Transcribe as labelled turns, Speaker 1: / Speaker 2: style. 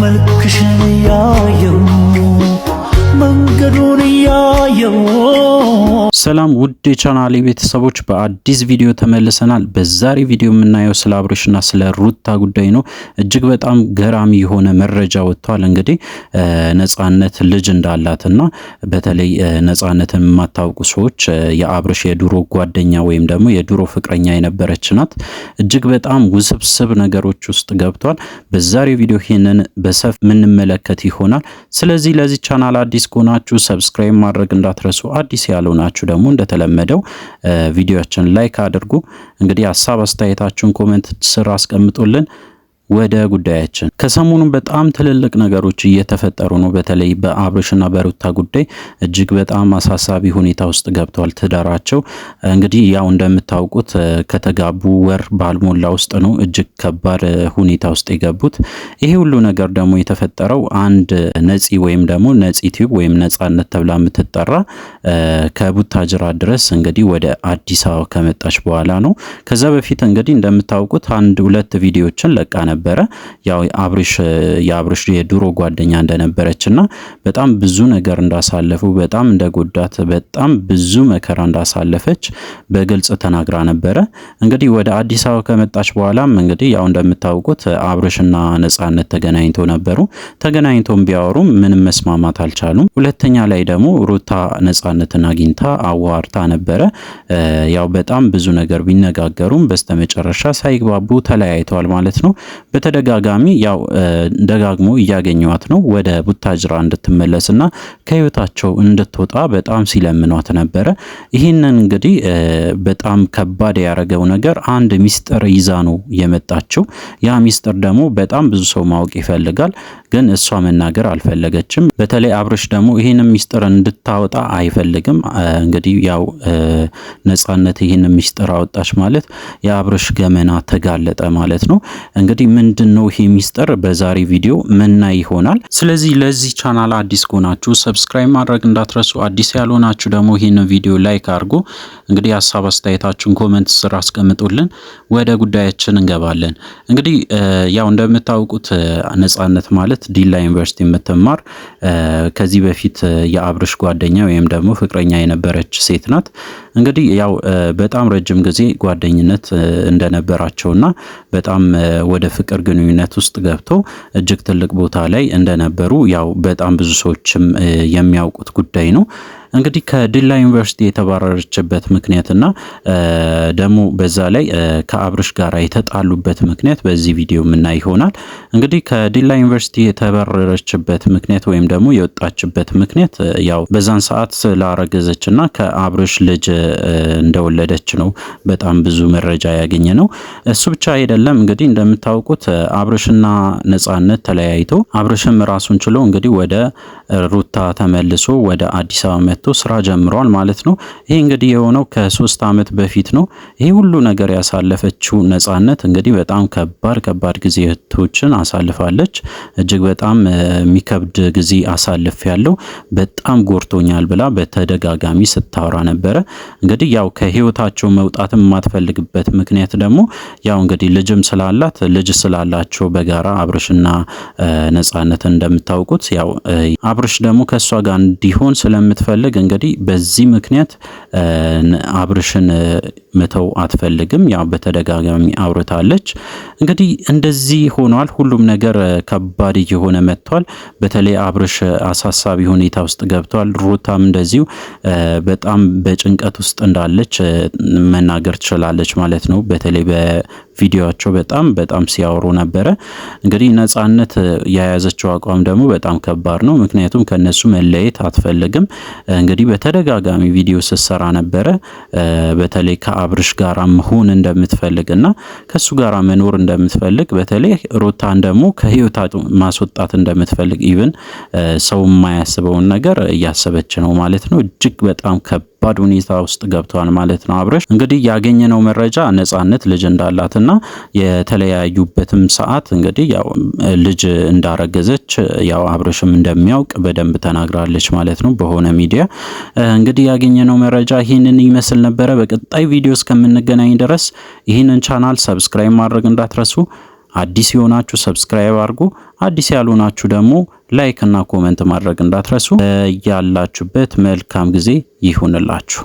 Speaker 1: മൽക്കുഷണിയായും መንገዱን እያየው። ሰላም ውድ የቻናሌ ቤተሰቦች በአዲስ ቪዲዮ ተመልሰናል። በዛሬ ቪዲዮ የምናየው ስለ አብርሽና ስለ ሩታ ጉዳይ ነው። እጅግ በጣም ገራሚ የሆነ መረጃ ወጥቷል። እንግዲህ ነጻነት ልጅ እንዳላትና በተለይ ነጻነትን የማታውቁ ሰዎች የአብርሽ የድሮ ጓደኛ ወይም ደግሞ የድሮ ፍቅረኛ የነበረች ናት። እጅግ በጣም ውስብስብ ነገሮች ውስጥ ገብቷል። በዛሬ ቪዲዮ ይህንን በሰፍ የምንመለከት ይሆናል። ስለዚህ ለዚህ ቻናል አዲስ ከሆናችሁ ሰብስክራይብ ማድረግ እንዳትረሱ። አዲስ ያልሆናችሁ ደግሞ እንደተለመደው ቪዲዮችን ላይክ አድርጉ። እንግዲህ ሀሳብ አስተያየታችሁን ኮሜንት ስር አስቀምጡልን። ወደ ጉዳያችን ከሰሞኑን በጣም ትልልቅ ነገሮች እየተፈጠሩ ነው። በተለይ በአብርሽና በሩታ ጉዳይ እጅግ በጣም አሳሳቢ ሁኔታ ውስጥ ገብተዋል። ትዳራቸው እንግዲህ ያው እንደምታውቁት ከተጋቡ ወር ባልሞላ ውስጥ ነው እጅግ ከባድ ሁኔታ ውስጥ የገቡት። ይሄ ሁሉ ነገር ደግሞ የተፈጠረው አንድ ነፂ ወይም ደግሞ ነፂ ቲዩብ ወይም ነፃነት ተብላ የምትጠራ ከቡታጅራ ድረስ እንግዲህ ወደ አዲስ አበባ ከመጣች በኋላ ነው። ከዛ በፊት እንግዲህ እንደምታውቁት አንድ ሁለት ቪዲዮችን ለቃ ነበር ነበረ። ያው አብርሽ የአብርሽ የድሮ ጓደኛ እንደነበረች እና በጣም ብዙ ነገር እንዳሳለፉ በጣም እንደጎዳት በጣም ብዙ መከራ እንዳሳለፈች በግልጽ ተናግራ ነበረ። እንግዲህ ወደ አዲስ አበባ ከመጣች በኋላም እንግዲህ ያው እንደምታውቁት አብርሽና ነጻነት ተገናኝቶ ነበሩ። ተገናኝቶም ቢያወሩም ምንም መስማማት አልቻሉም። ሁለተኛ ላይ ደግሞ ሩታ ነጻነትን አግኝታ አዋርታ ነበረ። ያው በጣም ብዙ ነገር ቢነጋገሩም በስተመጨረሻ ሳይግባቡ ተለያይተዋል ማለት ነው። በተደጋጋሚ ያው ደጋግሞ እያገኘዋት ነው ወደ ቡታጅራ እንድትመለስና ከህይወታቸው እንድትወጣ በጣም ሲለምኗት ነበረ። ይህንን እንግዲህ በጣም ከባድ ያደረገው ነገር አንድ ሚስጥር ይዛ ነው የመጣችው። ያ ሚስጥር ደግሞ በጣም ብዙ ሰው ማወቅ ይፈልጋል። ግን እሷ መናገር አልፈለገችም። በተለይ አብርሽ ደግሞ ይህንን ሚስጥር እንድታወጣ አይፈልግም። እንግዲህ ያው ነጻነት ይህንን ሚስጥር አወጣች ማለት የአብርሽ ገመና ተጋለጠ ማለት ነው። እንግዲህ ምንድን ነው ይሄ ሚስጥር? በዛሬ ቪዲዮ ምና ይሆናል። ስለዚህ ለዚህ ቻናል አዲስ ከሆናችሁ ሰብስክራይብ ማድረግ እንዳትረሱ። አዲስ ያልሆናችሁ ደግሞ ይህን ቪዲዮ ላይክ አድርጉ። እንግዲህ ሀሳብ አስተያየታችሁን ኮመንት ስር አስቀምጡልን። ወደ ጉዳያችን እንገባለን። እንግዲህ ያው እንደምታውቁት ነጻነት ማለት ማለት ዲላ ዩኒቨርሲቲ የምትማር ከዚህ በፊት የአብርሽ ጓደኛ ወይም ደግሞ ፍቅረኛ የነበረች ሴት ናት። እንግዲህ ያው በጣም ረጅም ጊዜ ጓደኝነት እንደነበራቸውና በጣም ወደ ፍቅር ግንኙነት ውስጥ ገብቶ እጅግ ትልቅ ቦታ ላይ እንደነበሩ ያው በጣም ብዙ ሰዎችም የሚያውቁት ጉዳይ ነው። እንግዲህ ከዲላ ዩኒቨርሲቲ የተባረረችበት ምክንያትና ደግሞ በዛ ላይ ከአብርሽ ጋር የተጣሉበት ምክንያት በዚህ ቪዲዮ ምና ይሆናል። እንግዲህ ከዲላ ዩኒቨርሲቲ የተባረረችበት ምክንያት ወይም ደግሞ የወጣችበት ምክንያት ያው በዛን ሰዓት ስላረገዘች እና ከአብርሽ ልጅ እንደወለደች ነው። በጣም ብዙ መረጃ ያገኘ ነው። እሱ ብቻ አይደለም እንግዲህ እንደምታውቁት አብርሽና ነጻነት ተለያይቶ አብርሽም ራሱን ችሎ እንግዲህ ወደ ሩታ ተመልሶ ወደ አዲስ አበባ መጥቶ ስራ ጀምሯል ማለት ነው። ይሄ እንግዲህ የሆነው ከሶስት ዓመት በፊት ነው። ይሄ ሁሉ ነገር ያሳለፈችው ነጻነት እንግዲህ በጣም ከባድ ከባድ ጊዜቶችን አሳልፋለች። እጅግ በጣም የሚከብድ ጊዜ አሳልፍ ያለው በጣም ጎርቶኛል ብላ በተደጋጋሚ ስታወራ ነበረ። እንግዲህ ያው ከህይወታቸው መውጣትም የማትፈልግበት ምክንያት ደግሞ ያው እንግዲህ ልጅም ስላላት ልጅ ስላላቸው በጋራ አብርሽና ነጻነት እንደምታውቁት ያው አብርሽ ደግሞ ከእሷ ጋር እንዲሆን ስለምትፈልግ ስለሚፈልግ እንግዲህ በዚህ ምክንያት አብርሽን መተው አትፈልግም። ያው በተደጋጋሚ አውርታለች። እንግዲህ እንደዚህ ሆኗል። ሁሉም ነገር ከባድ እየሆነ መጥቷል። በተለይ አብርሽ አሳሳቢ ሁኔታ ውስጥ ገብቷል። ሩታም እንደዚሁ በጣም በጭንቀት ውስጥ እንዳለች መናገር ትችላለች ማለት ነው። በተለይ በቪዲዮቸው በጣም በጣም ሲያወሩ ነበረ። እንግዲህ ነጻነት የያዘችው አቋም ደግሞ በጣም ከባድ ነው። ምክንያቱም ከነሱ መለየት አትፈልግም። እንግዲህ በተደጋጋሚ ቪዲዮ ስትሰራ ነበረ በተለይ ከአብርሽ ጋር መሆን እንደምትፈልግ እና ከሱ ጋር መኖር እንደምትፈልግ በተለይ ሩታን ደግሞ ከህይወታ ማስወጣት እንደምትፈልግ ኢቭን ሰው የማያስበውን ነገር እያሰበች ነው ማለት ነው። እጅግ በጣም ከ ከባድ ሁኔታ ውስጥ ገብተዋል ማለት ነው። አብረሽ እንግዲህ ያገኘነው መረጃ ነጻነት ልጅ እንዳላትና የተለያዩበትም ሰዓት እንግዲህ ያው ልጅ እንዳረገዘች ያው አብረሽም እንደሚያውቅ በደንብ ተናግራለች ማለት ነው። በሆነ ሚዲያ እንግዲህ ያገኘነው መረጃ ይህንን ይመስል ነበረ። በቀጣይ ቪዲዮ እስከምንገናኝ ድረስ ይህንን ቻናል ሰብስክራይብ ማድረግ እንዳትረሱ። አዲስ የሆናችሁ ሰብስክራይብ አድርጉ። አዲስ ያልሆናችሁ ደግሞ ላይክ እና ኮመንት ማድረግ እንዳትረሱ። ያላችሁበት መልካም ጊዜ ይሁንላችሁ።